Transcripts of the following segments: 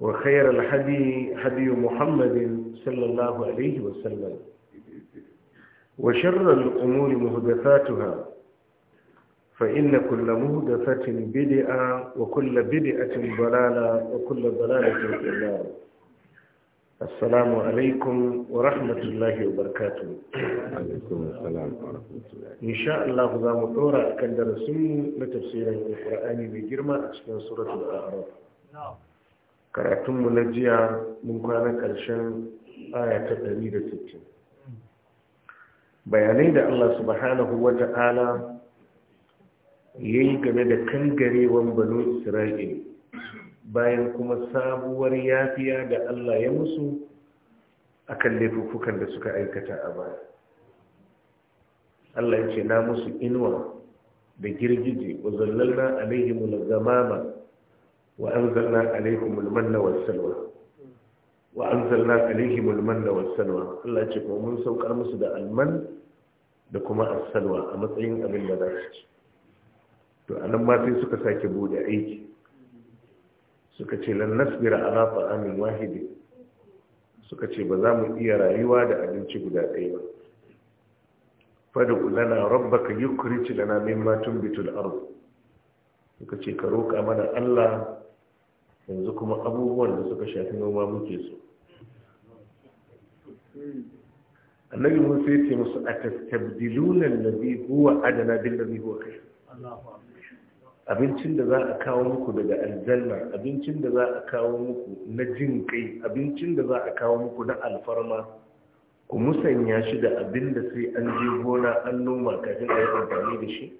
وخير الحدي حدي محمد صلى الله عليه وسلم وشر الأمور مهدفاتها فإن كل مهدفة بدعة وكل بدعة ضلالة وكل ضلالة في النار السلام عليكم ورحمة الله وبركاته عليكم السلام ورحمة الله إن شاء الله ذا مطورة كان درسنا لتفسير القرآن بجرمة أشكال سورة الأعراف نعم karatun mu na jiya mun kwana ƙarshen aya ta sittin. bayanai da Allah subhanahu wa ta'ala ya yi game da kangarewan banu isra'il bayan kuma sabuwar yafiya da Allah ya musu akan laifukan da suka aikata a baya Allah ya ce na musu inuwa da girgije wa zallalna alaihimul zamama وأنزلنا عليهم المن والسلوى وأنزلنا عليهم المن والسلوى الله يجب أن نسوك أمسد المن لكما السلوى أمطعين أبن مدرسك أنا ما تنسوك ساكبو دعيك suka ce lan nasbira ala amin wahidi suka ce ba za mu iya rayuwa da abinci guda ɗaya ba fadu lana rabbaka yukrij lana mimma tumbitul ardh suka ce ka roka mana Allah yanzu kuma abubuwan da suka shafi noma muke so annabi mun sai ce musu a na allazi huwa adana da ladhi huwa abincin da za a kawo muku daga aljanna abincin da za a kawo muku na jin kai abincin da za a kawo muku na alfarma ku musanya shi da abin da sai an je gona an noma kafin a yi amfani da shi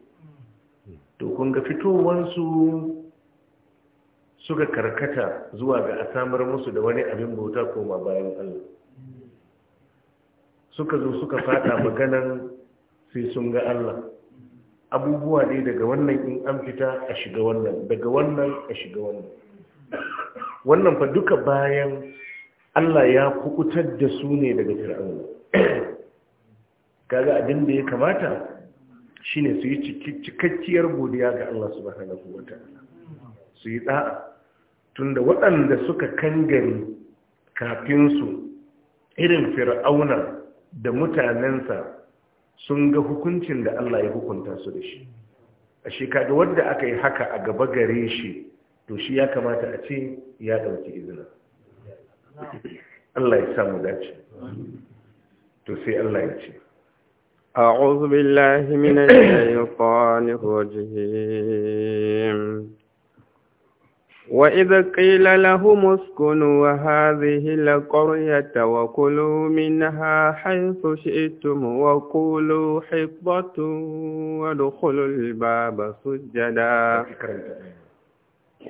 to kun ga wansu. suka karkata zuwa ga a samar musu da wani abin bauta koma bayan Allah suka zo suka fada maganan sai sun ga Allah abubuwa ne daga wannan in an fita a shiga wannan daga wannan a shiga wannan wannan fa duka bayan Allah ya kukutar da su ne daga fir'auna kaga abin da ya kamata shine su yi cikakkiyar godiya ga Allah subhanahu wataala su yi da'a tunda waɗanda suka kangare kafinsu irin fir'auna da mutanensa sun ga hukuncin da Allah ya hukunta su da shi a shekaru wadda aka yi haka a gaba gare shi to shi ya kamata a ce ya ɗauki izina Allah ya samu dace to sai Allah ya ce أعوذ بالله من الشيطان الرجيم وإذا قيل لهم اسكنوا هذه القرية وكلوا منها حيث شئتم وقولوا حفظة وادخلوا الباب سجدا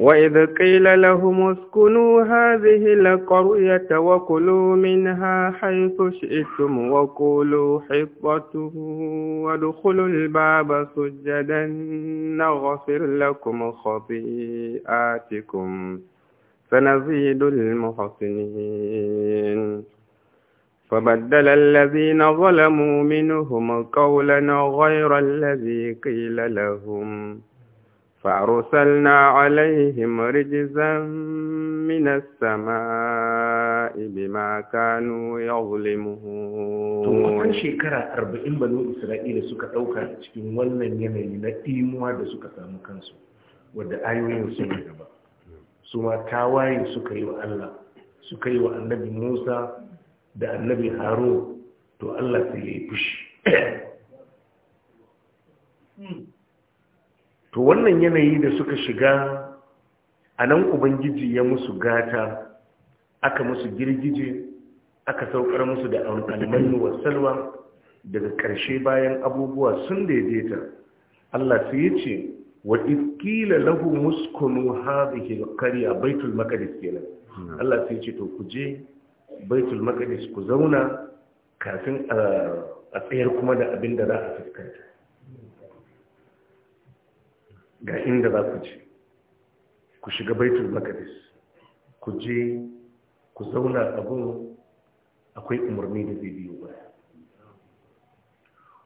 وإذ قيل لهم اسكنوا هذه القرية وكلوا منها حيث شئتم وقولوا حطة وادخلوا الباب سجدا نغفر لكم خطيئاتكم سنزيد المحسنين فبدل الذين ظلموا منهم قولا غير الذي قيل لهم فأرسلنا عليهم رجزا من السماء بما كانوا يظلمون to wannan shekara 40 banu Isra'ila suka ɗauka cikin wannan yanayi na timuwa da suka samu kansu wanda ayoyin sun gaba su ma tawaye suka yi wa Allah suka yi wa annabi Musa da annabi Harun to Allah sai ya yi fushi to wannan yanayi da suka shiga a nan ubangiji ya musu gata aka musu girgije aka saukar musu da almannu wa daga ƙarshe bayan abubuwa sun daidaita Allah su yi ce wa iskila lahu muskunu ke ƙarya baitul maqdis kenan hmm. Allah su yi ce to ku je baitul makadis ku zauna kafin a tsayar kuma da abin da za a fuskanta ga inda za ku je ku shiga baitul makadis ku je ku zauna abun akwai umarni da zai biyo ba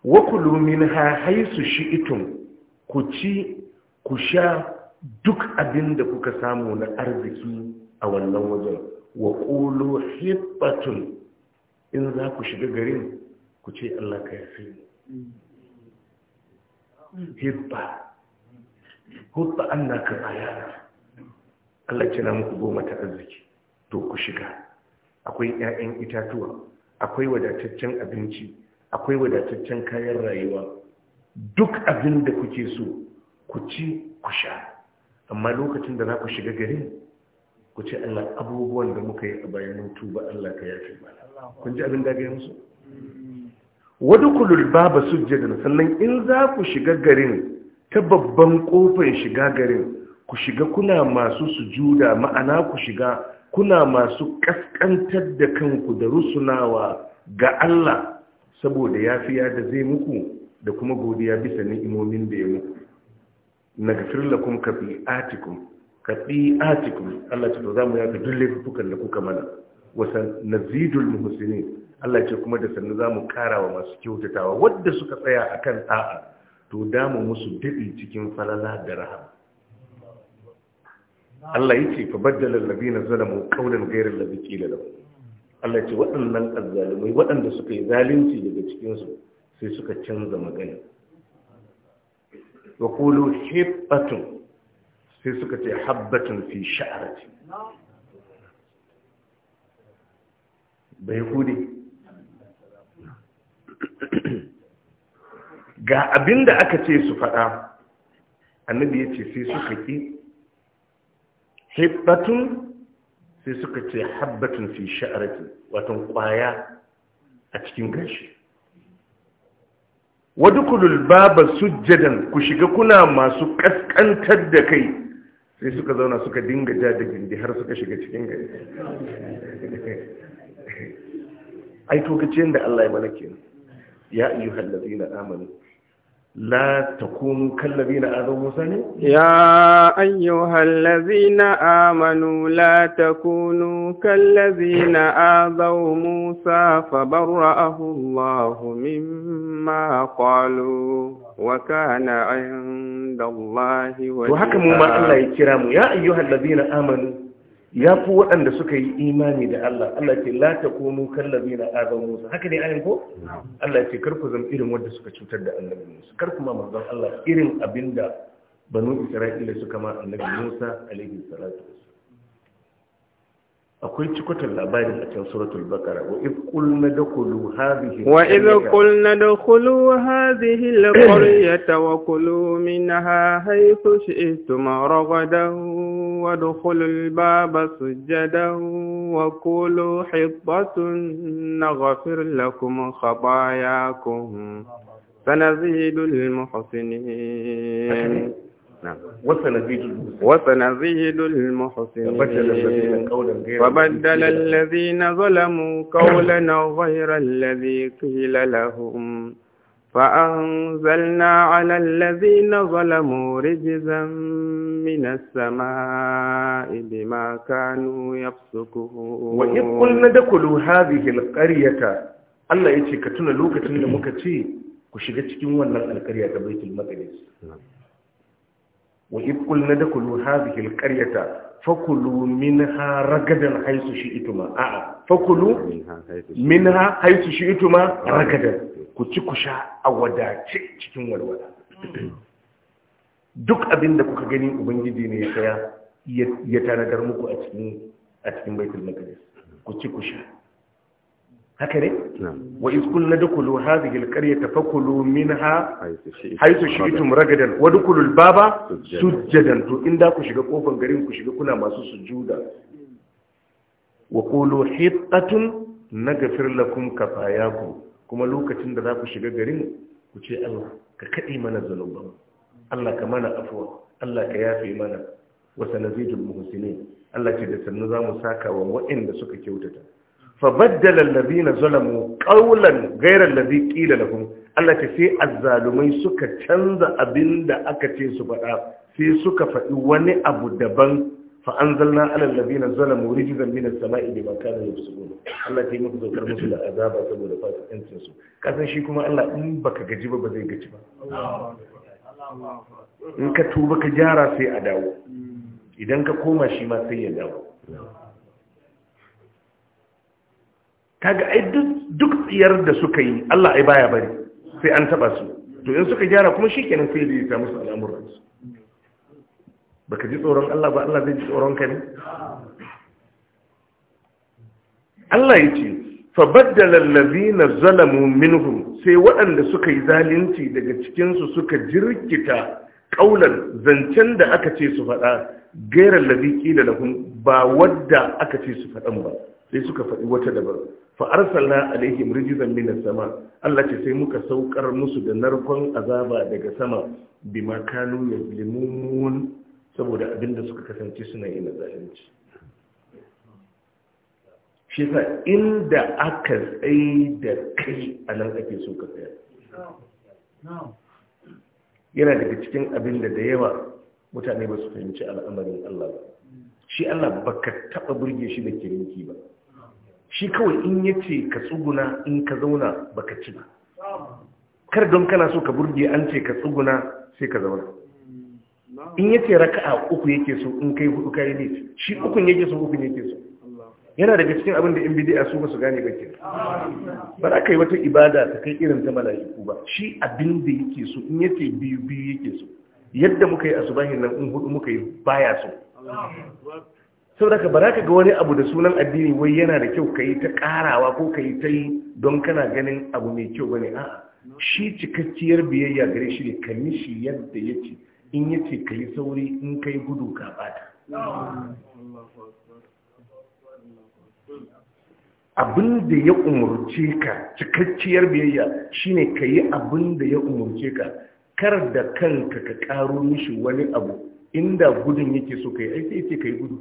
wa kulu minha haythu shi'tum ku ci ku sha duk abin da kuka samu na arziki a wannan wajen wa qulu hibbatun in za ku shiga garin ku ce Allah ka yafe hibba hutsa na ka yara. Allah na muku goma ta arziki to ku shiga akwai 'ya'yan itatuwa akwai wadataccen abinci akwai wadataccen kayan rayuwa duk abin da kuke so ku ci ku sha amma lokacin da za ku shiga garin ku ce Allah abubuwan da muka yi a bayan tuba Allah ka yafi ba kun ji abin da ga musu ba mm. baba sujjadan sannan in za ku shiga garin ta babban kofar shiga garin ku shiga kuna masu sujuda ma'ana ku shiga kuna masu kaskantar da kanku da rusunawa ga Allah saboda fiya da zai muku da kuma godiya bisa ni'imomin da ya muku nagfir lakum kabi'atikum kabi'atikum Allah ce to mu yaka duk laifukan da kuka mana wasan nazidul muhsinin Allah ce kuma da sannu za zamu wa masu kyautatawa wadda suka tsaya akan A'a. to damu musu daɗi cikin falala da rahama Allah ya ce fabaddala allazina zalamu qawlan ghayra allazi qila lahum Allah ya ce waɗannan azzalumai waɗanda suka yi zalunci daga cikinsu sai suka canza magana wa qulu hibbatun sai suka ce habbatun fi sha'rati bai hudi ga abin da aka ce su faɗa annabi ya ce sai suka ƙi hibbatun sai suka ce habbatun fi sha'arati watan ƙwaya a cikin gashi wadukulul baba sujjadan ku shiga kuna masu ƙasƙantar da kai sai suka zauna suka dinga ja da gindi har suka shiga cikin gari ai to da Allah ya mana kenan ya ayyuhal na amanu لا تكونوا كالذين آذوا موسى يا أيها الذين آمنوا لا تكونوا كالذين آذوا موسى فبرأه الله مما قالوا وكان عند الله وجيها وهكذا ما الله يكرم يا أيها الذين آمنوا ya fi waɗanda suka yi imani da Allah Allah ce la ta komo kallabi na azan Musa haka ne ayin ko? Allah ce karku zama irin wanda suka cutar da annabi Musa karku ma mazan Allah irin abinda banu Isra'ila suka ma annabi Musa laifin salatu akwai cikotar labarin a can suratul bakara wa iz qulna dakhulu hadhihi wa iz qulna dakhulu hadhihi alqaryata wa kulu minha haythu shi'tum ragadan wa dukhulu albaba sujadan wa kulu hibatun naghfir lakum khatayakum sanazidul muhsinin وسنزيد المحسنين وبدل الذين ظلموا قولا غير الذي قيل لهم فأنزلنا على الذين ظلموا رجزا من السماء بما كانوا يفسقون وإذ قلنا دخلوا هذه القرية الله يتي كتنا لوكتنا مكتي وشغتكم ونن القرية بيت المقدس wa ikul na dakulu hadhihi karyata fakulu ha ragadan haythu shi'tuma a'a fakulu haisu shi ituma ragadan ku ci ku sha a wadace cikin walwala duk abin da kuka gani ubangiji ne ya saya ya tanadar muku a cikin a cikin baitul maqdis ku ci ku sha haka ne wa iz kullu dukulu hadhihi alqaryata fakulu minha haythu shi'tum ragadan wa dukulu albaba sujjadan to inda ku shiga kofar garin ku shiga kuna masu sujuda wa qulu hitatun naghfir lakum kafayakum kuma lokacin da za ku shiga garin ku ce Allah ka kade mana zanuban Allah ka mana afwa Allah ka yafe mana wa sanazidul muhsinin Allah ce da sannu za mu saka wa waɗanda suka kyautata fabaddala allazina zalamu qawlan ghayra allazi qila lahum Allah ce sai azzalumai suka canza abin da aka ce su faɗa sai suka faɗi wani abu daban fa anzalna ala allazina zalamu rijzan minas sama'i bima kanu yafsukun Allah ta yi muku zokar musu da azaba saboda fasikancin su kasan shi kuma Allah in baka gaji ba ba zai gaji ba in ka tuba ka gyara sai a dawo idan ka koma shi ma sai ya dawo kaga ai duk tsiyar da suka yi Allah ai baya bari sai an taba su to in suka gyara kuma shikenan sai zai ta musu al'amuran su baka ji tsoron Allah ba Allah zai ji tsoron ka ne Allah yace fa baddala allazina zalamu minhum sai waɗanda suka yi zalunci daga cikin su suka jirkita kaular zancen da aka ce su faɗa gairar labi kila lahum ba wadda aka ce su faɗan ba sai suka faɗi wata dabar fa arsalna alaihim rijzan minas sama Allah ce sai muka saukar musu da narkon azaba daga sama bima kanu yazlimun saboda abinda suka kasance suna yin zalunci shi sa inda aka tsaye da kai a nan ake so ka tsaya yana daga cikin abinda da yawa mutane ba su fahimci al'amarin Allah ba shi Allah ba ka taɓa burge shi da kirinki ba shi kawai in ya ce ka tsuguna in ka zauna ba ka ci ba kar don kana so ka burge an ce ka tsuguna sai ka zauna in ya ce raka'a uku yake so in kai hudu kayi ne shi ukun yake so ukun yake so yana daga cikin abin da in a su masu gane ba ke ba za ka yi wata ibada ta kai irin ta mala'iku ba shi abin da yake so in yace biyu biyu yake so yadda muka yi asubahin nan in hudu muka yi baya so saboda ka bara ka ga wani abu da sunan addini wai yana da kyau ka yi ta karawa ko ka yi ta yi don kana ganin abu mai kyau bane a shi cikakkiyar biyayya gare shi ne ka nishi yadda ya ce in ya ce ka yi sauri in ka yi gudu ka bata abin da ya umarce ka cikakkiyar biyayya shine ka yi abin da ya umarce ka kar da kanka ka karo mishi wani abu inda gudun yake so ka yi aiki ce ka yi gudu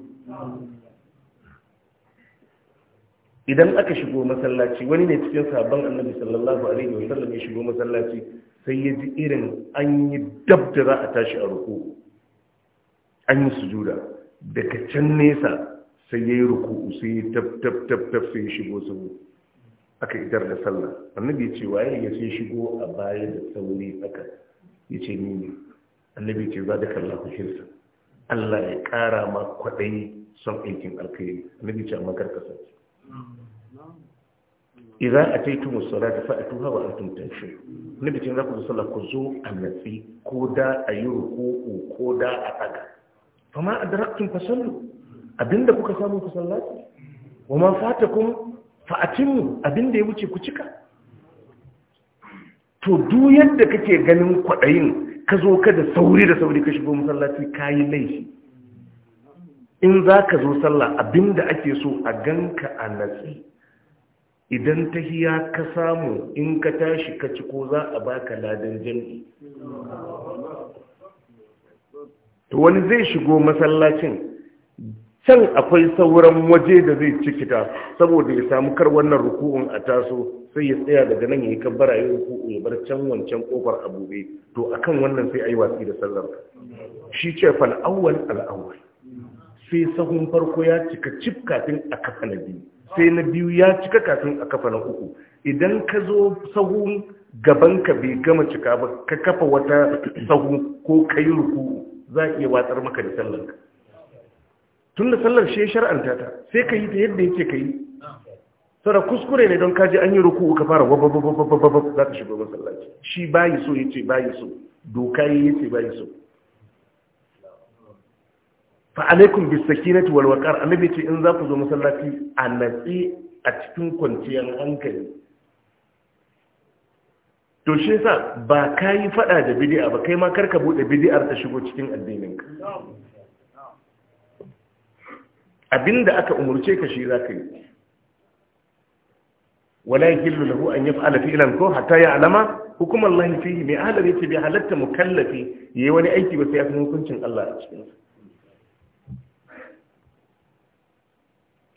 idan aka shigo masallaci wani ne cikin sabon annabi sallallahu alaihi wa sallam ya shigo masallaci sai ya ji irin an yi dab da za a tashi a ruku an yi sujuda daga can nesa sai ya yi ruku sai ya tab tab tab tab sai ya shigo sabo aka idar da sallah annabi ya ce waye ya sai shigo a baya da sauri aka ya ce ni ne annabi ya ce za da kalla ku Allah ya kara ma kwaɗayi son aikin alkhairi na ce amma karka idan a taitu musala da fa'atu hawa a tuntun shi nabi ce za ku musala ku zo a nafi, ko da a yi rukuku ko da a fa ma a daraktun fasallu abinda kuka samu fasallati wa ma fata kun fa'atinmu abinda ya wuce ku cika to du yadda kake ganin kwaɗayin ka zo ka da sauri da sauri ka shigo masallaci ka yi laifi in za ka zo sallah abin da ake so a ganka a natsi idan ta hiya ka samu in ka tashi ka ci ko za a baka ladan jami'i to wani zai shigo masallacin can akwai sauran waje da zai cikita saboda ya samu kar wannan ruku'un a taso sai ya tsaya daga nan ya yi kabbara ya ruku'u ya bar can wancan kofar abu to akan wannan sai a yi watsi da sallar shi ce fal awwal al awwal sai sahun farko ya cika cif kafin a kafa na biyu sai na biyu ya cika kafin a kafa na uku idan ka zo sahun gaban ka bai gama cika ba ka kafa wata sahun ko kai ruku za a iya watsar maka da sallar ka tun da sallar shi shar'anta ta sai ka yi ta yadda yake ka yi Sara kuskure ne don kaji an yi ruku ka fara wababababababab za ka shigo masallaci shi bayi so ya ce bayi so doka ya ce bayi so fa alaikum bis sakinati wal waqar annabi ce in za ku zo masallaci a natsi a cikin kwanciyar hankali to shi sa ba kayi fada da bid'a ba kai ma karka bude bid'ar ta shigo cikin addininka abinda aka umurce ka shi zaka yi wala yahillu lahu an yaf'ala fi'lan ko hatta ya'lama hukumallahi fihi mai ahlari ce bi halatta mukallafi yayi wani aiki ba sai ya san hukuncin Allah a cikin sa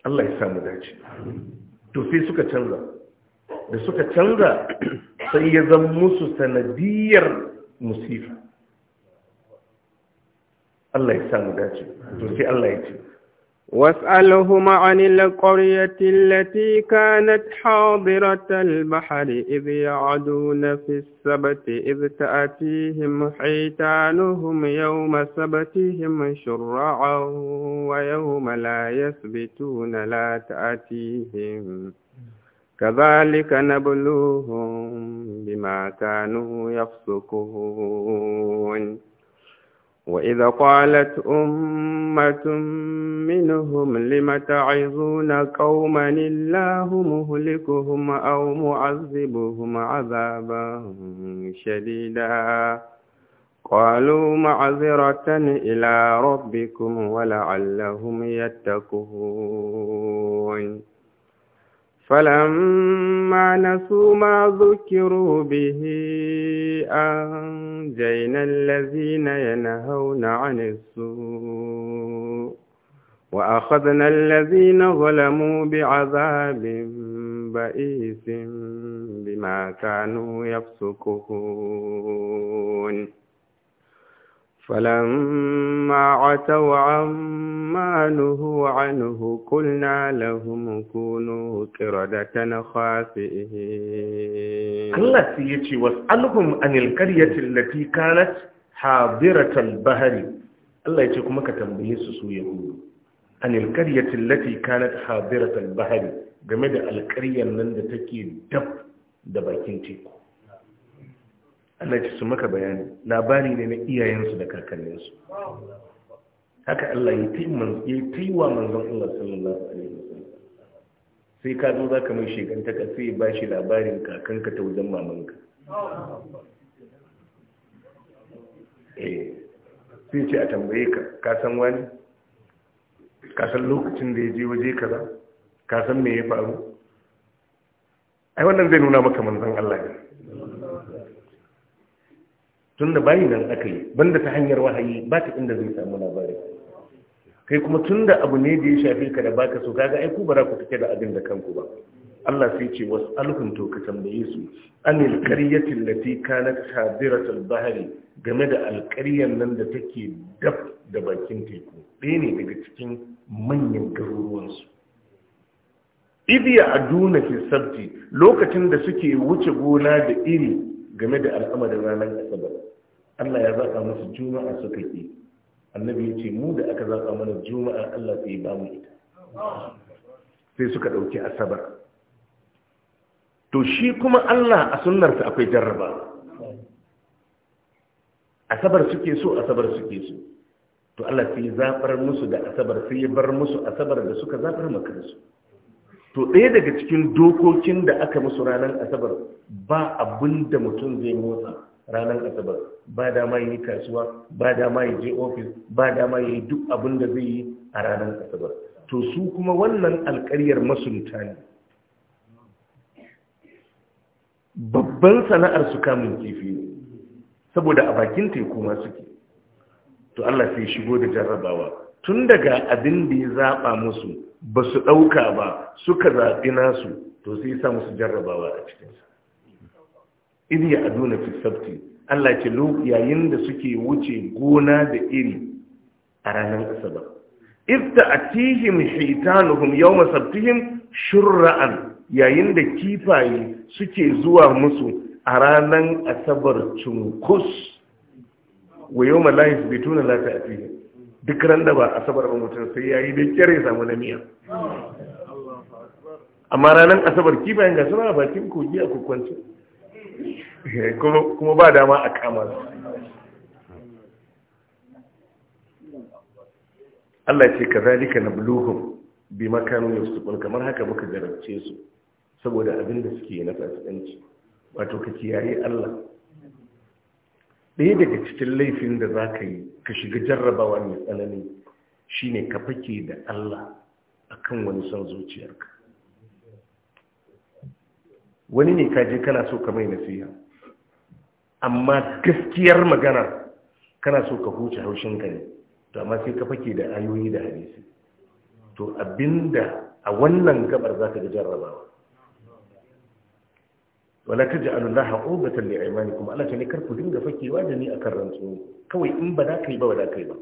Allah ya samu dace to sai suka canza da suka canza sai ya zan musu sanadiyar musifa Allah ya samu dace to sai Allah ya ce واسألهم عن القرية التي كانت حاضرة البحر إذ يعدون في السبت إذ تأتيهم حيتانهم يوم سبتهم شرعا ويوم لا يثبتون لا تأتيهم كذلك نبلوهم بما كانوا يفسقون وإذا قالت أمة منهم لم تعظون قوما الله مهلكهم أو معذبهم عذابا شديدا قالوا معذرة إلى ربكم ولعلهم يتقون فلما نسوا ما ذكروا به أنجينا الذين ينهون عن السوء وأخذنا الذين ظلموا بعذاب بئيس بما كانوا يفسقون فلما عتوا عما نهوا عنه قلنا لهم كونوا كردة خاسئين الله سيتي واسألهم عن القرية التي كانت حاضرة البحر الله يتي كما كتنبيه سو يهود عن القرية التي كانت حاضرة البحر game da alƙaryar nan da take dab da bakin teku Allah ce su maka bayani labari ne na iyayensu da kakanninsu haka Allah ya yi wa manzon Allah sallallahu alaihi wasallam sai ka zo zaka mai shekantaka sai ya bashi labarin kakanka ta wajen mamanka eh sai ce a tambaye ka ka san wani ka san lokacin da ya je waje kaza ka san me ya faru ai wannan zai nuna maka manzon Allah ne tun da bayi nan aka yi banda ta hanyar wahayi ba ta inda zai samu labari kai kuma tunda abu ne da ya shafe ka da baka so kaga ai ku bara ku fike da abin da kanku ba Allah sai ce wasu alhun to ka tambaye su anil qaryatin lati kanat hadiratul bahri game da alƙaryan nan da take dab da bakin teku ɗaya ne daga cikin manyan garuruwansu idiya a duna fi sabti lokacin da suke wuce gona da iri game da al'amarin ranar asabar Allah ya zaka musu juma'a suka ke. annabi ya ce mu da aka zaka mana juma'a Allah sai ba mu ita sai suka dauki asabar to shi kuma Allah a sunnarsa akwai jarraba asabar suke so asabar suke so to Allah sai zafar musu da asabar sai ya bar musu asabar da suka zafar su. to ɗaya daga cikin dokokin da aka musu ranar asabar ba abin da mutum zai motsa ranar asabar ba dama yi kasuwa ba dama ya je ofis ba dama ya yi duk abin da zai yi a ranar asabar to su kuma wannan alkaryar masunta ne babban sana'ar su kamun kifi ne saboda a bakin teku ma suke to Allah sai shigo da jarrabawa tun daga abin da ya zaɓa musu ba su ɗauka ba suka zaɓi nasu to sai sa musu jarrabawa a cikinsu idi ya aduna fi sabti Allah ce lo yayin da suke wuce gona da iri a ranar asaba ifta atihim shaitanuhum yawma sabtihim shurran yayin da kifaye suke zuwa musu a ranar asabar cunkus wa yawma la yasbituna la ta'tihim duk ran da ba asabar ba mutum sai yayi da kire samu na miya amma ranar asabar kifayen ga suna bakin kogi a kokwanci kuma ba dama a kama Allah ce ka zalika na buluhun bi makamin yusufun kamar haka muka jarabce su saboda abin da suke na fasikanci wato ka kiyaye Allah ɗaya daga cikin laifin da za ka yi ka shiga jarrabawa mai tsanani shine ka fake da Allah akan wani son zuciyarka wani ne kaje kana so ka mai nasiha amma gaskiyar magana kana so ka huce haushin ka ne to amma sai ka fake da ayoyi da hadisi to abinda a wannan gabar zaka ga jarrabawa wala ja'alu Allah ubatan li aymanikum Allah ta ne kar ku dinga fakewa da ni akan rantsu kawai in ba za ka yi ba ba da ka yi ba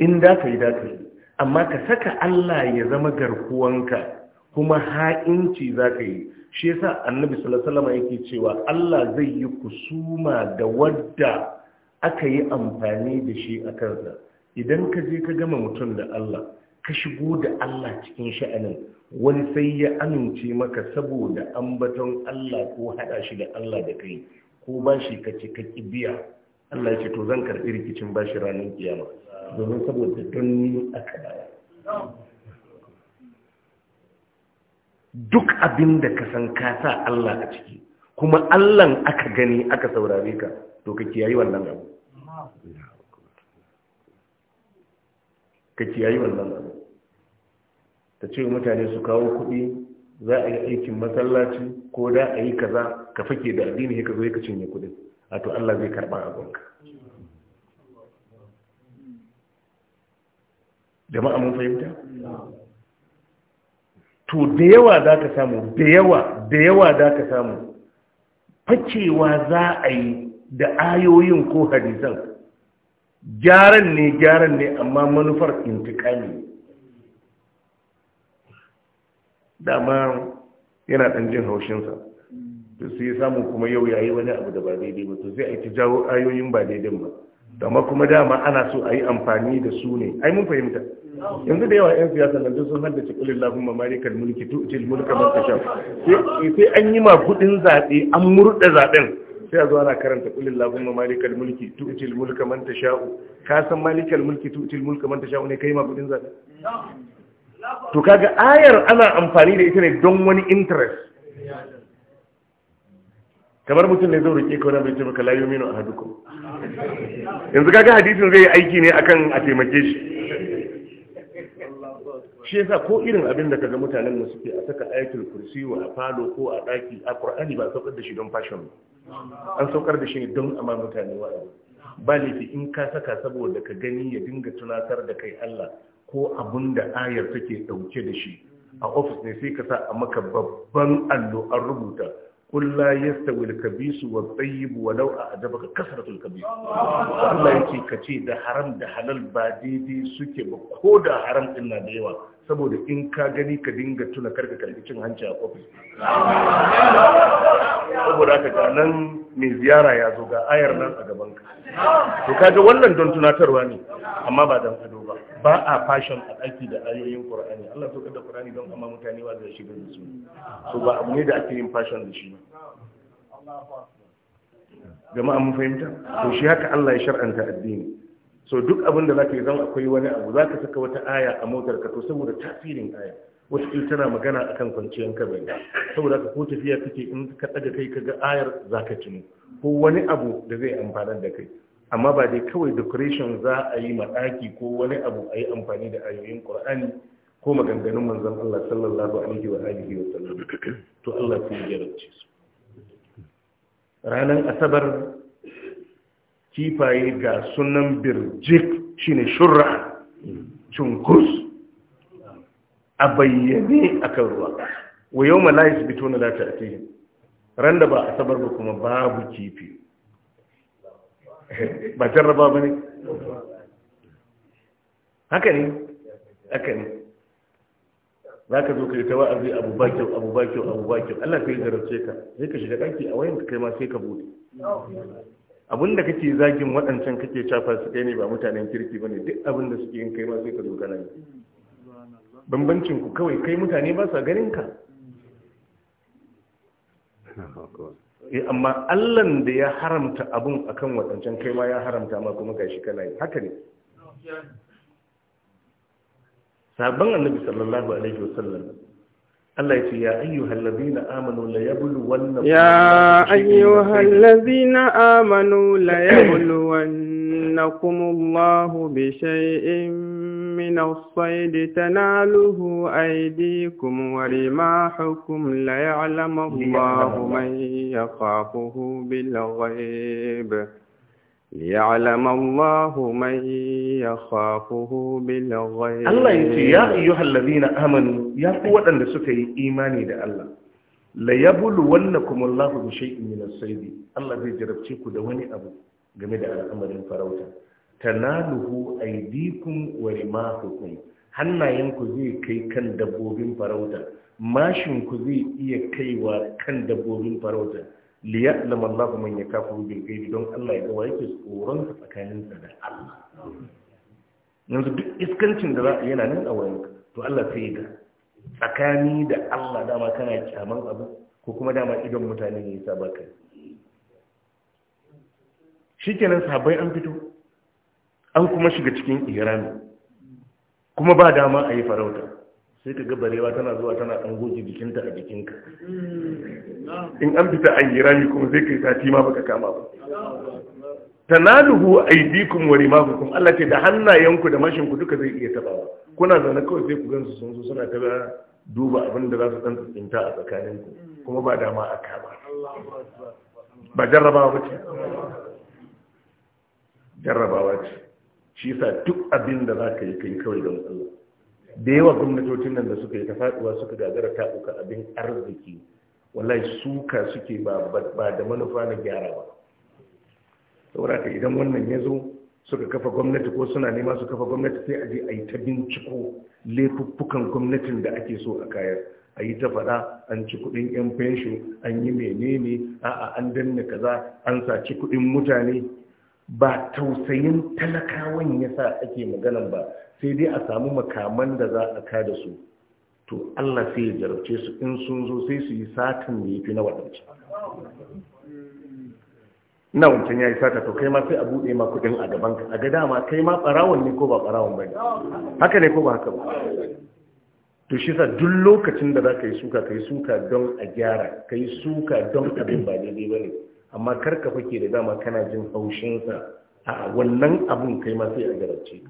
in da ka yi da ka yi amma ka saka Allah ya zama garkuwanka kuma ha'inci za ka yi shi yasa annabi salasalama yake cewa Allah zai yi kusuma da wadda aka yi amfani da shi a kansa idan ka je ka gama mutum da Allah ka shigo da Allah cikin sha'anin wani sai ya amince maka saboda ambaton Allah ko hada shi da Allah da kai ko ba shi ka ce ka kibiya Allah ya ce to zan karɓi rikicin ba shi ranar kiyama domin saboda don ni aka bayar. duk abin da ka san ka sa Allah a ciki kuma Allahn aka gani aka saurare ka to ka kiyayi wannan abu ka kiyayi wannan abu ta ce mutane su kawo kuɗi za a yi aikin masallaci ko da a yi kaza ka fake da addini ka zo ka cinye kuɗi. a to Allah zai karɓa abinka jama'a mun fahimta to da yawa za ka samu da yawa da yawa za ka samu facewa za a yi da ayoyin ko hadisan gyaran ne gyaran ne amma manufar intikami dama yana ɗan jin haushinsa to yi samun kuma yau yayi wani abu da ba daidai ba to sai a ta jawo ayoyin ba daidai ba dama kuma dama ana so a yi amfani da su ne ai mun fahimta yanzu da yawa yan siyasa nan sun ci kulin lafin kan mulki tu'til mulka man tasha sai an yi ma kudin zaɓe an murɗa zaɓen sai a zo ana karanta kulin lafin kan mulki tu'til mulka man tasha ka san malikal mulki tu'til mulka man tasha ne kai ma kudin zaɓe to kaga ayar ana amfani da ita ne don wani interest kamar mutum ne zai roƙe ka wani bai maka layo mino a ko. yanzu kaga hadisin zai yi aiki ne akan a taimake shi shi yasa ko irin abin da kaga mutanen mu suke a saka ayatul kursi wa a falo ko a daki a qur'ani ba saukar da shi don fashion an saukar da shi ne don amma mutane wa ba laifi in ka saka saboda ka gani ya dinga tunatar da kai Allah ko abin da ayar take dauke da shi a ofis ne sai ka sa a maka babban allo an rubuta قل لا يستوي الكبيس والطيب ولو أعجبك كثرة الكبيس الله يكي كتي ده حرام ده حلال بادي دي سكي بكو ده حرام إنا ديوا سبو ده إنكا جني كدين غتونا كرك كالكي چن هنچا أوفيس سبو ده كتانن mai ziyara ya zo ga ayar nan a gaban ka. to kaga wannan don tunatarwa ne amma ba dan ado ba ba a fashion a daki da ayoyin qur'ani Allah so kada qur'ani don amma mutane wa zai shiga da su so ba abu ne da ake yin fashion da shi ba jama'a mun fahimta to shi haka Allah ya shar'anta addini so duk abin da zaka yi zan akwai wani abu zaka saka wata aya a motar ka to saboda tasirin aya wata tana magana a kan kwanciyar kabari saboda ka ko tafiya kake in ka ɗaga kai kaga ayar za ka tuno ko wani abu da zai amfanar da kai amma ba dai kawai decoration za a yi madaki ko wani abu a yi amfani da ayoyin qur'ani ko maganganun manzon Allah sallallahu alaihi wa alihi wa sallam to Allah ya su Ranar asabar kifaye ga sunan birjik shine shurra cunkus a bayyane kan ruwa wa yau malayis bito na lati a ran da ba a sabar ba kuma babu kifi ba jarraba ba ne haka ne haka ne za ka zo ka yi ta wa'azi abu ba kyau abu abu allah ka yi zarafce ka sai ka shiga ɗanki a wayan ka kai ma sai ka bude da kake zagin waɗancan kake cafa su kai ne ba mutanen kirki ba ne duk da suke yin kai ma sai ka zo kana yi bambancin ku kawai kai mutane ba sa ganin ka amma allan da ya haramta abun akan wadancan kai ma ya haramta ma kuma gashi kana yi haka ne sabon annabi sallallahu alaihi wasallam Allah ya ce ya ayyuhal ladina amanu la yablu wannan ya ayyuhal ladina amanu la yablu wannakum Allahu bi shay'in من الصيد تناله أيديكم ورماحكم ليعلم الله من يخافه بالغيب ليعلم الله من يخافه بالغيب الله يقول يا أيها الذين آمنوا يا قوة أن سكي إيماني لألّه la yabulu wannakum Allahu bi shay'in min as-sayd Allah zai jarabce ku da wani abu game da al'amarin farauta tanaluhu aydikum wa rimahukum hannayenku zai kai kan dabbobin farauta mashinku zai iya kaiwa kan dabbobin farauta liya'lam Allah man yakafu bil ghaibi don Allah ya ga waye tsoron sa tsakanin sa da Allah yanzu duk iskancin da za a yana nan a wayanka to Allah sai ga tsakani da Allah dama kana kyaman abu ko kuma dama idan mutane ne saba kai shikenan sabai an fito an kuma shiga cikin ihrami kuma ba dama a yi farauta sai ka ga barewa tana zuwa tana an goge jikinta a jikinka in an fita an yi rami kuma zai kai sati ma baka kama ba Ta a yi dikun wari ma kuma Allah ce da hannayenku da mashinku duka zai iya tabawa kuna zana kawai sai ku gansu sun zo suna ta duba abin da za su san tsinta a tsakaninku kuma ba dama a kama ba jarrabawa ba ce jarrabawa ce shi sa duk abin da za ka yi kai kawai don Allah da yawa gwamnatocin nan da suka yi ta faɗuwa suka gagara ta uka abin arziki wallahi suka suke ba da manufa na gyara ba saboda idan wannan ya zo suka kafa gwamnati ko suna nema su kafa gwamnati sai a je a yi ta binciko laifuffukan gwamnatin da ake so a kayar a yi ta faɗa an ci kuɗin 'yan fenshi an yi menene a'a an danna kaza an saci kuɗin mutane ba tausayin talakawan ya sa ake maganan ba sai dai a samu makaman da za a kada su to Allah sai ya jarabce su in sun zo sai su yi satin da ya fi na waɗance na wancan ya yi sata to kai ma sai a buɗe ma kuɗin a gaban ka a ga dama kai ma ɓarawon ne ko ba ɓarawon ba haka ne ko ba haka ba to shi sa duk lokacin da za ka yi suka ka yi suka don a gyara ka yi suka don abin ba daidai ba ne amma kar fake da dama kana jin haushinsa a wannan abun kai ma sai a garace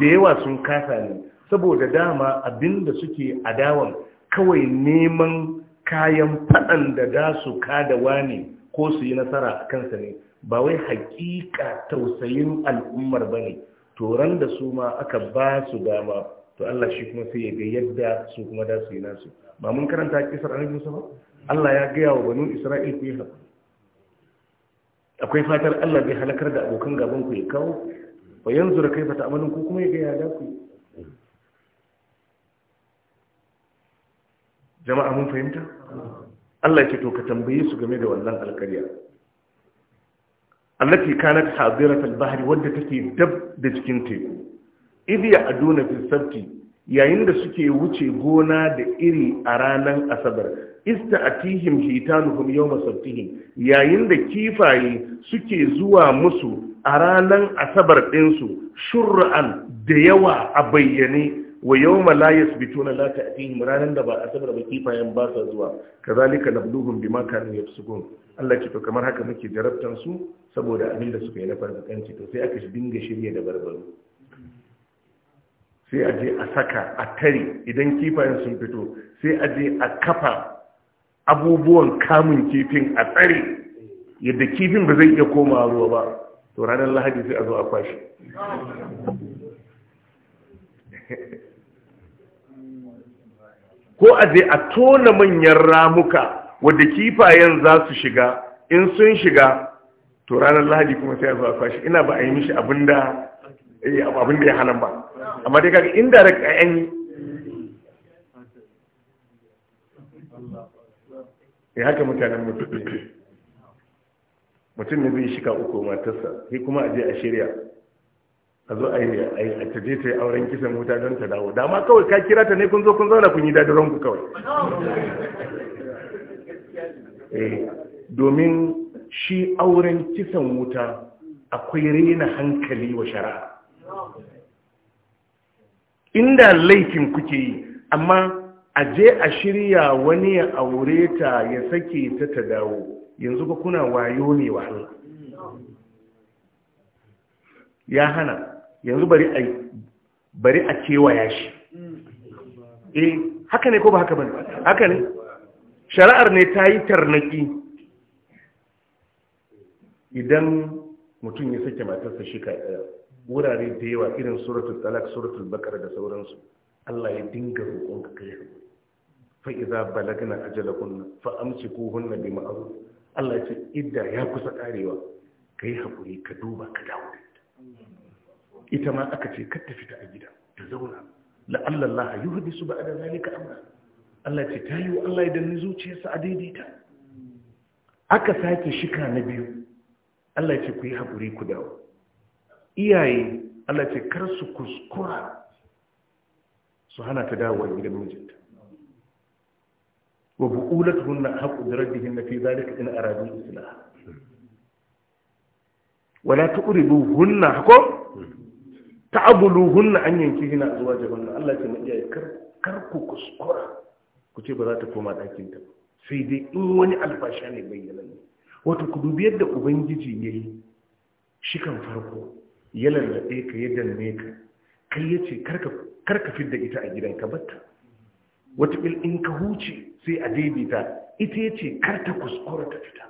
da yawa sun kasa ne saboda dama abin da suke adawan kawai neman kayan faɗan da za su kada wani ko su yi nasara a kansa ne ba wai haƙiƙa tausayin al'ummar ba ne turan da su ma aka ba su dama to Allah shi kuma sai ya ga yadda su kuma da su yi nasu ba mun karanta kisar annabi Musa ba Allah ya gaya wa banu Isra'il ku haka akwai fatar Allah bai halakar da abokan gaban ku ya kawo ba yanzu da kai fata amalin ku kuma ya ga yada ku jama'a mun fahimta Allah ke to ka tambaye su game da wannan alƙarya allati kanat hadirat al-bahri wadda take dab da cikin teku ya aduna fi sabti yayin da suke wuce gona da iri a ranar asabar ista ista'atihim shitanuhum yawma sabtihim yayin da kifaye suke zuwa musu a ranar asabar ɗinsu shur'an da yawa a bayyane wa yawma la yasbituna la ta'tihim ranar da ba asabar ba kifayen ba sa zuwa kazalika nabluhum bima kanu yafsukun Allah ce to kamar haka muke jarabtan su saboda abin da suka yi na farzakanci to sai aka dinga shirye da barbaro sai a a saka a tare idan kifayen sun fito sai a je a kafa abubuwan kamun kifin a tsare yadda kifin ba zai iya koma ruwa ba to ranar lahadi sai a zo a kwashe ko a je a tona manyan ramuka wadda kifayen za su shiga in sun shiga to ranar lahadi kuma sai a zo a kwashe ina ba a yi mishi abinda eh, abinda ya hana ba amma dai kaga indirect a yanyi sai eh, haka mutanen mutum ne mutum ne zai shiga uku matarsa sai kuma aje a shirya a zo a yi a taje ta yi auren kisan wuta don ta dawo dama kawai ka kira ta ne kun zo kun zauna kun yi dadi ranku kawai eh, domin shi auren kisan wuta akwai rena hankali wa shara'a. inda laifin kuke yi amma a je a shirya wani ya aure ta ya sake ta ta dawo yanzu ba kuna wayo ne wa Allah ya hana yanzu bari a bari a kewaya shi eh haka ne ko ba haka bane haka ne shari'ar ne ta yi tarnaki idan mutum ya sake matarsa shi ka eh, wurare da yawa irin suratul talak suratul bakar da sauransu Allah ya dinga roƙon ka kai hakuri fa idza balagna ajalahunna fa amsikuhunna bi ma'ruf Allah ya ce idda ya kusa karewa kai hakuri ka duba ka dawo ita ma aka ce kar ta fita a gida ta zauna la Allah yuhdisu ba'da zalika amra Allah ce ta yi Allah ya danni zuciyarsa a daidaita aka sake shika na biyu Allah ce ku yi hakuri ku dawo iyaye Allah ce kar su kuskura su hana ta dawowa gidan mijinta wa bu'ulatuhunna haqqu na fi zalika in aradu islah wala tuqribuhunna hako hunna an yankihina azwajahunna Allah ke mai iyaye kar kar ku kuskura ku ce ba za ta koma ɗakin ta sai dai in wani alfasha ne bayyana ne wato ku dubi yadda ubangiji yi, shi kan farko ya lallabe ka ya danne ka kai yace karka karka fidda ita a gidan ka batta watakil in ka huce sai a daidaita ita ya ce kar ta kuskura ta fita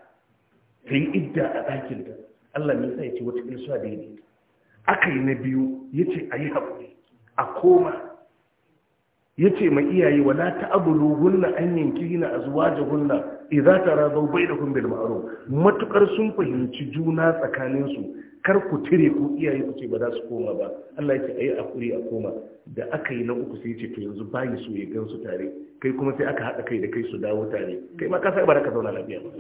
ta yi idda a ɗakinta Allah ne sa ya ce watakil su a daidaita aka yi na biyu ya a yi haƙuri a koma yace ce ma iyaye wala ta abu ruhunna an yanki hina a zuwa jahunna idza taradaw bainakum bil ma'ruf matukar sun fahimci juna tsakanin su kar ku tire ku iyaye ku ce ba za su koma ba Allah ya ce ayi akuri a koma da aka yi na uku sai ce to yanzu bayi so ya gansu tare kai kuma sai aka haɗa kai da kai su dawo tare kai ma ka sai ba ka zauna lafiya ba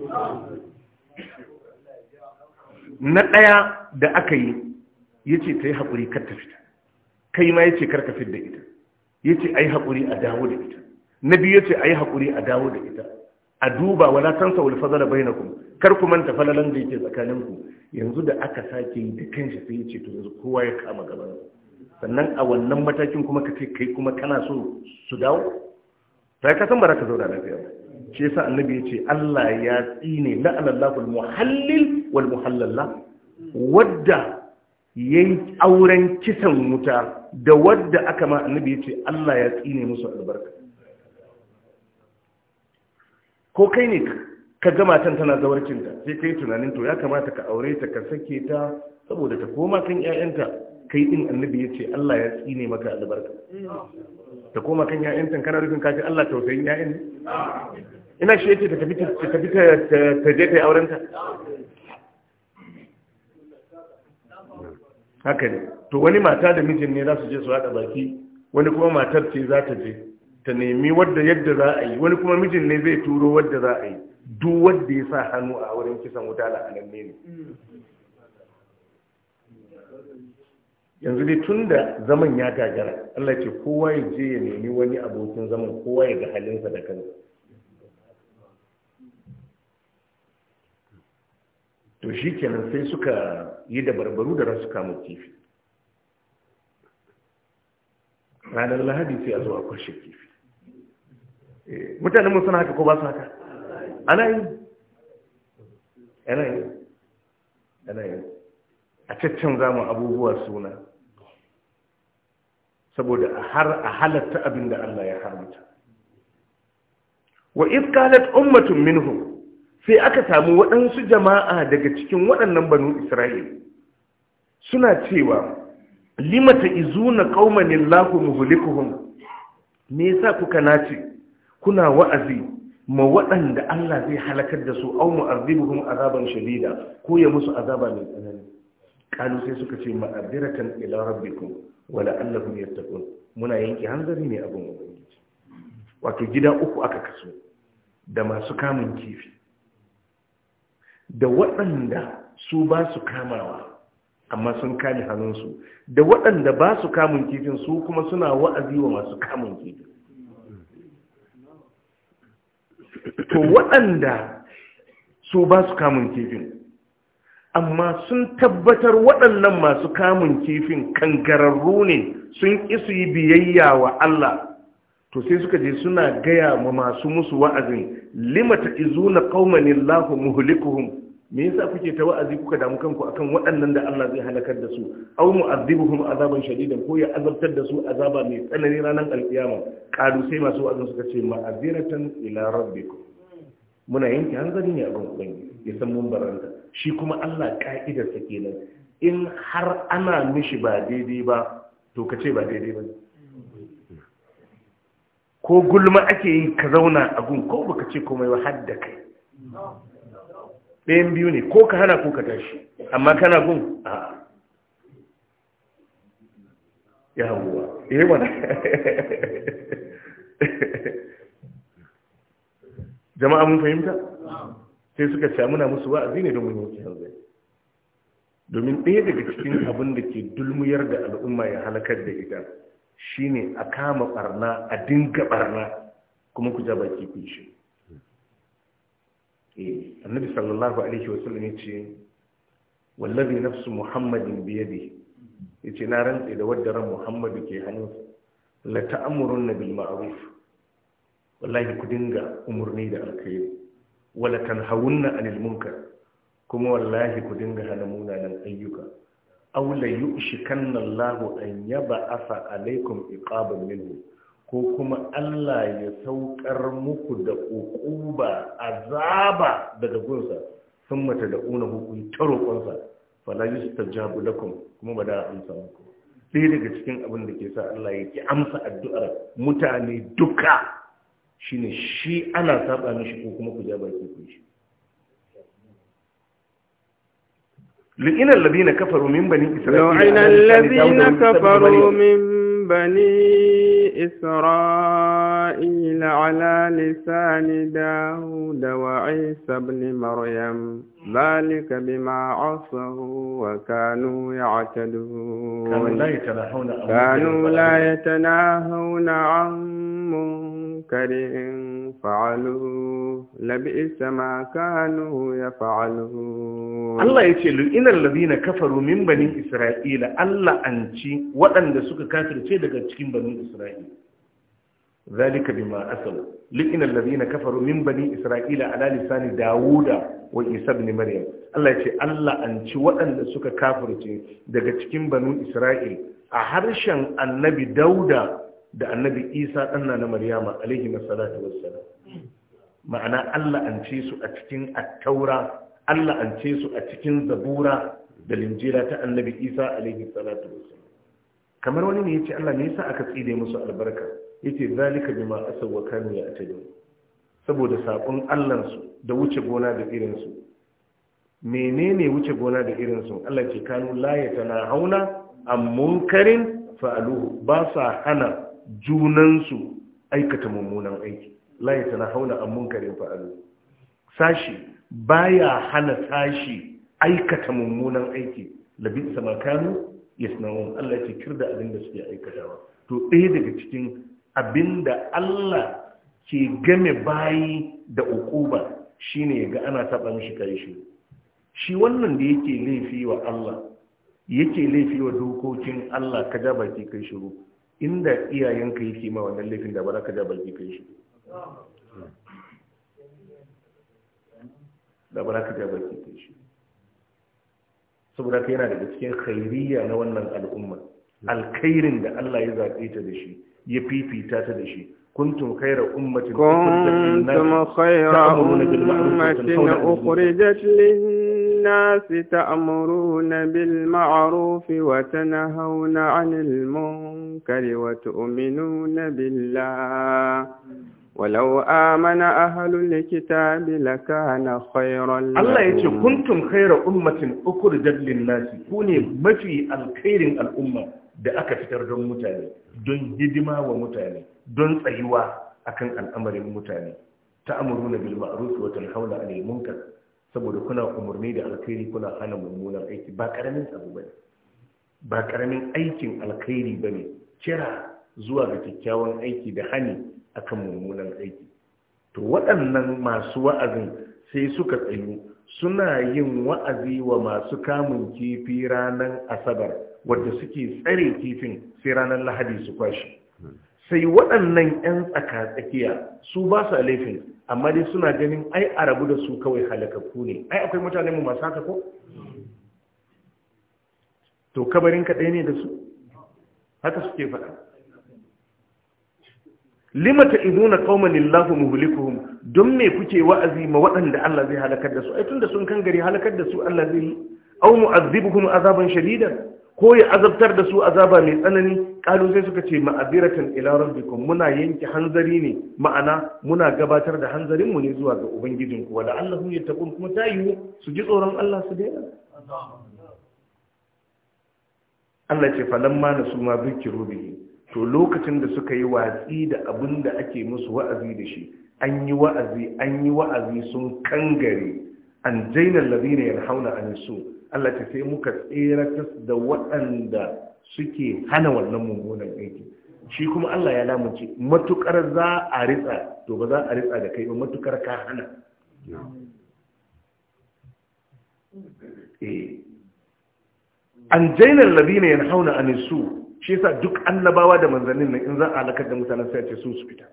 na ɗaya da aka yi yace kai ta yi haƙuri kar ta fita kai ma yace kar ka fita da ita ya ce a yi haƙuri a dawo da ita na biyu ya ce a yi haƙuri a dawo da ita a duba wala tansa wal fadala bainakum kar ku manta falalan da yake tsakaninku yanzu da aka sake yi da kanshi sai yace to yanzu kowa ya kama gaban sannan a wannan matakin kuma kace kai kuma kana so su dawo sai ka san ba ka zauna lafiya ba shi yasa annabi yace Allah ya tsine la'anallahu al-muhallil wal muhallalla wadda yayi auren kisan wuta da wadda aka ma annabi yace Allah ya tsine musu albarka ko kai ne ka ga matan tana da sai kai tunanin to ya kamata ka aure ta ka sake ta saboda ta koma kan ƴaƴanta kai din annabi ya ce Allah ya tsine maka albarka ta koma kan ƴaƴanta kana rufin kafin Allah tausayin ƴaƴan ina shi yace ta tafi ta tafi ta je ta auren ta haka ne to wani mata da mijin ne za su je su haɗa baki wani kuma matar ce za ta je ta nemi wadda yadda za a yi wani kuma mijin ne zai turo wadda za a yi duk wadda ya sa hannu a wurin kisan wuta la'ananne ne yanzu dai tun da zaman ya gagara Allah ce kowa ya je ya nemi wani abokin zaman kowa ya ga halinsa da kansa to shi kenan sai suka yi da barbaru da rasu kamun kifi ranar lahadi sai a zuwa kwashe kifi mun suna haka ko ba su haka ana yi a caccan zamu abubuwa suna saboda har a halatta abin da Allah ya haramta wa iskalat ummatun minhum sai aka samu waɗansu jama'a daga cikin waɗannan banu isra'il suna cewa limata izuna qauman illahu muhlikuhum me yasa kuka nace kuna wa'azi ma waɗanda Allah zai halakar da su au mu'azibuhum azaban shadida ko ya musu azaba mai tsanani kalu sai suka ce ma'adiratan ila Allah wa ya yattaqun muna yanke hanzari ne abin ubangiji wato gida uku aka kaso da masu kamun kifi da waɗanda su ba su kamawa amma sun kame hannunsu da waɗanda ba su kamun kifin su kuma suna wa'azi wa masu kamun kifin to waɗanda su ba su kamun kifin amma sun tabbatar waɗannan masu kamun kifin kan gararru ne sun isu yi biyayya wa Allah to sai suka je suna gaya ma masu musu wa'azin limata izuna qaumanin lahu muhlikuhum me yasa kuke ta wa'azi kuka damu kanku akan waɗannan da Allah zai halakar da su aw kuma azaban shadidan ko ya azabtar da su azaba mai tsanani ranar alkiyama qalu sai masu wa'azin suka ce ma'aziratan ila rabbikum muna yanke hanzari ne a ban ya san mun baranta shi kuma Allah ka'idar sa kenan in har ana mishi ba daidai ba to ka ce ba daidai ba ko gulma ake yi ka zauna a gun ko baka ce komai ba har da kai ɗayan biyu ne ko ka hana ko ka tashi amma kana gun a yawuwa eh wala jama'a mun fahimta sai suka ce muna musu wa'azi ne domin yanki hanzari domin ɗaya daga cikin abin da ke dulmuyar da al'umma ya halakar da ita shine a kama barna a dinga barna kuma ku ja baki kun Eh, annabi sallallahu alaihi wasallam ya ce wallazi nafsu muhammadin biyadi ya ce na rantse da wadda ran muhammadu ke hannunsa la ta'amurun na bil ma'ruf wallahi ku dinga umurni da alkhairi wala hawunna anil munkar kuma wallahi ku dinga hana munanan ayyuka aw la yu'shikanna Allahu an yab'atha alaikum iqaban minhu ko kuma Allah ya saukar muku da ukuba azaba daga gunsa sun mata da una hukun ta roƙonsa fala yustajabu lakum kuma ba da amsa muku sai daga cikin abin da ke sa Allah ya ki amsa addu'ar mutane duka shine shi ana saba mishi ko kuma ku jaba baki ku shi لئن الذين كفروا من بني إسرائيل لئن الذين كفروا من بني إسرائيل على لسان داود وعيسى بن مريم ذلك بما عصوا وكانوا يعتدون كانوا, كانوا لا يتناهون عن منكر فعلوه لبئس ما كانوا يفعلون الله يقول إن الذين كفروا من بني إسرائيل ألا أنتي وأن سك كافر شيء cikin بني إسرائيل ذلك بما أسوا لئن الذين كفروا من بني إسرائيل على لسان داوود wa isa ne maryam Allah ya ce Allah an ci waɗanda suka kafirce daga cikin banu isra'il a harshen annabi dauda da annabi isa ɗanna na maryama alaihi masalatu wassalam ma'ana Allah an ce su a cikin attaura Allah an ce su a cikin zabura da linjira ta annabi isa alaihi salatu wassalam kamar wani ne ya ce Allah ne yasa aka tsire musu albarka yace zalika bima asaw wa kanu ya'tadun saboda saƙon allansu da wuce gona da irinsu menene wuce gona da irinsu allah ke kanu layata na hauna a munkarin fa'aluhu ba sa hana junansu aikata mummunan aiki layata na hauna a munkarin fa'aluhu sashi ba ya hana sashi aikata mummunan aiki labin sama kanu yasnawun allah ce kirda abin da suke aikatawa to ɗaya daga cikin abinda allah ke game bayi da ukuba shine yaga ana taɓa mishi kare shi shi wannan da yake laifi wa Allah yake laifi wa dokokin Allah ka ja baki kai shiru inda iyayenka yake ma wannan laifin da ba za ka ja baki kai shiru da ba za ka ja baki kai shiru saboda ka yana daga cikin khairiyya na wannan al'umma alkhairin da Allah ya zaɓe ta da shi ya fifita ta da shi كنتم خير أمة كنتم خير أمة أخرجت للناس تأمرون بالمعروف وتنهون عن المنكر وتؤمنون بالله ولو آمن أهل الكتاب لكان خيرا لهم الله يتي كنتم خير أمة أخرجت للناس كوني مفي الخير الأمة da aka fitar don mutane don hidima wa mutane don tsayuwa akan al'amarin mutane ta ta'muruna bil ma'ruf wa a 'anil munkar saboda kuna umarni da alkhairi kuna hana mummunan aiki ba karamin abu bane ba karamin aikin alkhairi bane kira zuwa ga kyakkyawan aiki da hani akan mummunan aiki to waɗannan masu wa'azin sai suka tsayu suna yin wa'azi wa masu kamun kifi ranar asabar wadda suke tsare kifin sai ranar lahadi su kwashe. sai waɗannan 'yan tsaka-tsakiya su ba su laifin amma dai suna ganin ai a rabu da su kawai halakakku ne ai akwai mutane mu masu haka ko? to kabarin kaɗai ne da su haka suke faɗa limata izuna qauman lillahu muhlikuhum don me kuke wa'azi ma waɗanda Allah zai halakar da su ai tun da sun gari halakar da su Allah zai yi au mu'azzibuhum azaban shadidan ko ya azabtar da su azaba mai tsanani kalu sai suka ce ma'aziratan ila rabbikum muna yanke hanzari ne ma'ana muna gabatar da hanzarin mu ne zuwa ga ubangijin ku wala allahum yattaqun kuma tayu su ji tsoron Allah su daina Allah ce falamma su ma zikiru bihi to lokacin da suka yi watsi da abin da ake musu wa'azi da shi an yi wa'azi an yi wa'azi sun kangare an jainal ladina yarhauna anisu Allah ta sai muka tseratas da waɗanda suke hana wannan mummunan aiki shi kuma Allah ya lamunci matukar za a ritsa to ba za a ritsa da kai ba matukar ka hana eh. an jainar ne yana hauna a nisu shi yasa duk annabawa da manzannin nan in za a halakar da mutanen sai ce su su fita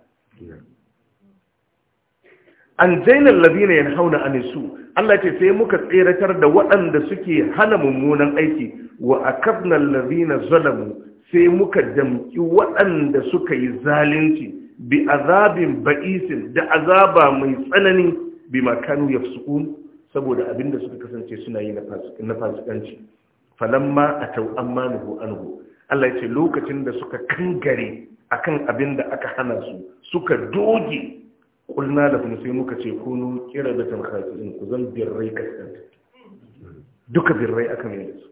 an jainal ladina yanhauna anisu Allah ce sai muka tseratar da waɗanda suke hana mummunan aiki wa akabnal ladina zalamu sai muka damki waɗanda suka yi zalunci bi azabin ba'isin da azaba mai tsanani bi makanu yafsukun saboda abinda suka kasance suna yi na fasikanci falamma atau ammanuhu anhu Allah ce lokacin da suka kangare akan da aka hana su suka doge kulna da kuma sai muka ce kunu kira da tamkhasiin ku zan birrai kasan duka birrai aka mai su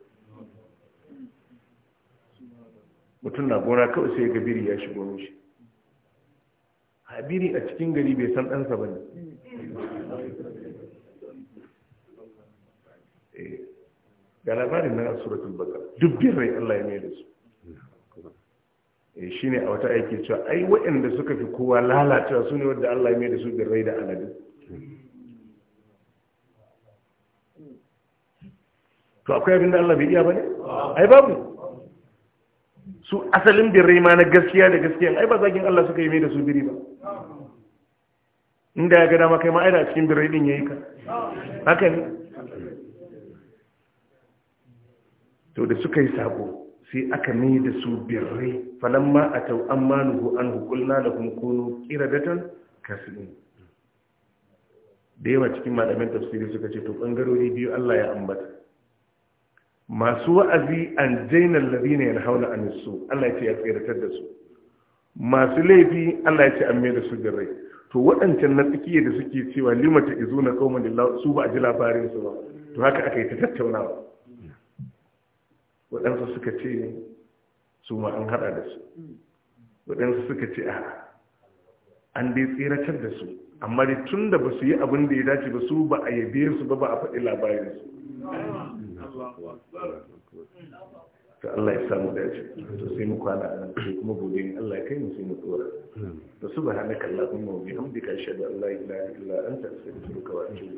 mutum na gona kawai sai ga biri ya shigo mishi biri a cikin gari bai san ɗansa ba ne ga labarin na suratul bakar duk birrai Allah ya mai da su Eh, shi ne a wata aiki cewa ai waɗanda suka fi kowa lalacewa su ne wadda Allah ya mai da su birrai da aladu to akwai abin da Allah bai iya ba ne? ai babu su asalin birrai ma na gaskiya da gaskiya ai ba zagin Allah suka yi mai da su biri ba inda ya gada maka yi a cikin birrai din ya yi ka haka ne to da suka yi sabo sai aka mai da su birrai ma a tau an manuhu an hukunna da kuma da kiradatan kasirin da yawa cikin malamin tafsiri suka ce to ɓangarori biyu allah ya ambata masu wa'azi an jainar ne yana hauna an su allah ya ce ya tsiratar da su masu laifi allah ya ce an mai da su birrai to waɗancan na tsakiya da suke cewa limata izuna na da su ba a ji labarinsu ba to haka aka yi ta tattaunawa waɗansu suka ce su ma an haɗa da su waɗansu suka ce a an dai tsiratar da su amma da tun da ba su yi abin da ya dace ba su ba a yabe su ba ba a faɗi labarin su ta Allah ya samu dace to sai mu kwana a nan kuma gobe in Allah ya kai mu sai mu tsora to subhanaka allahumma wa bihamdika ashhadu an la ilaha illa anta astaghfiruka wa atubu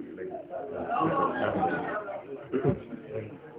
ilayk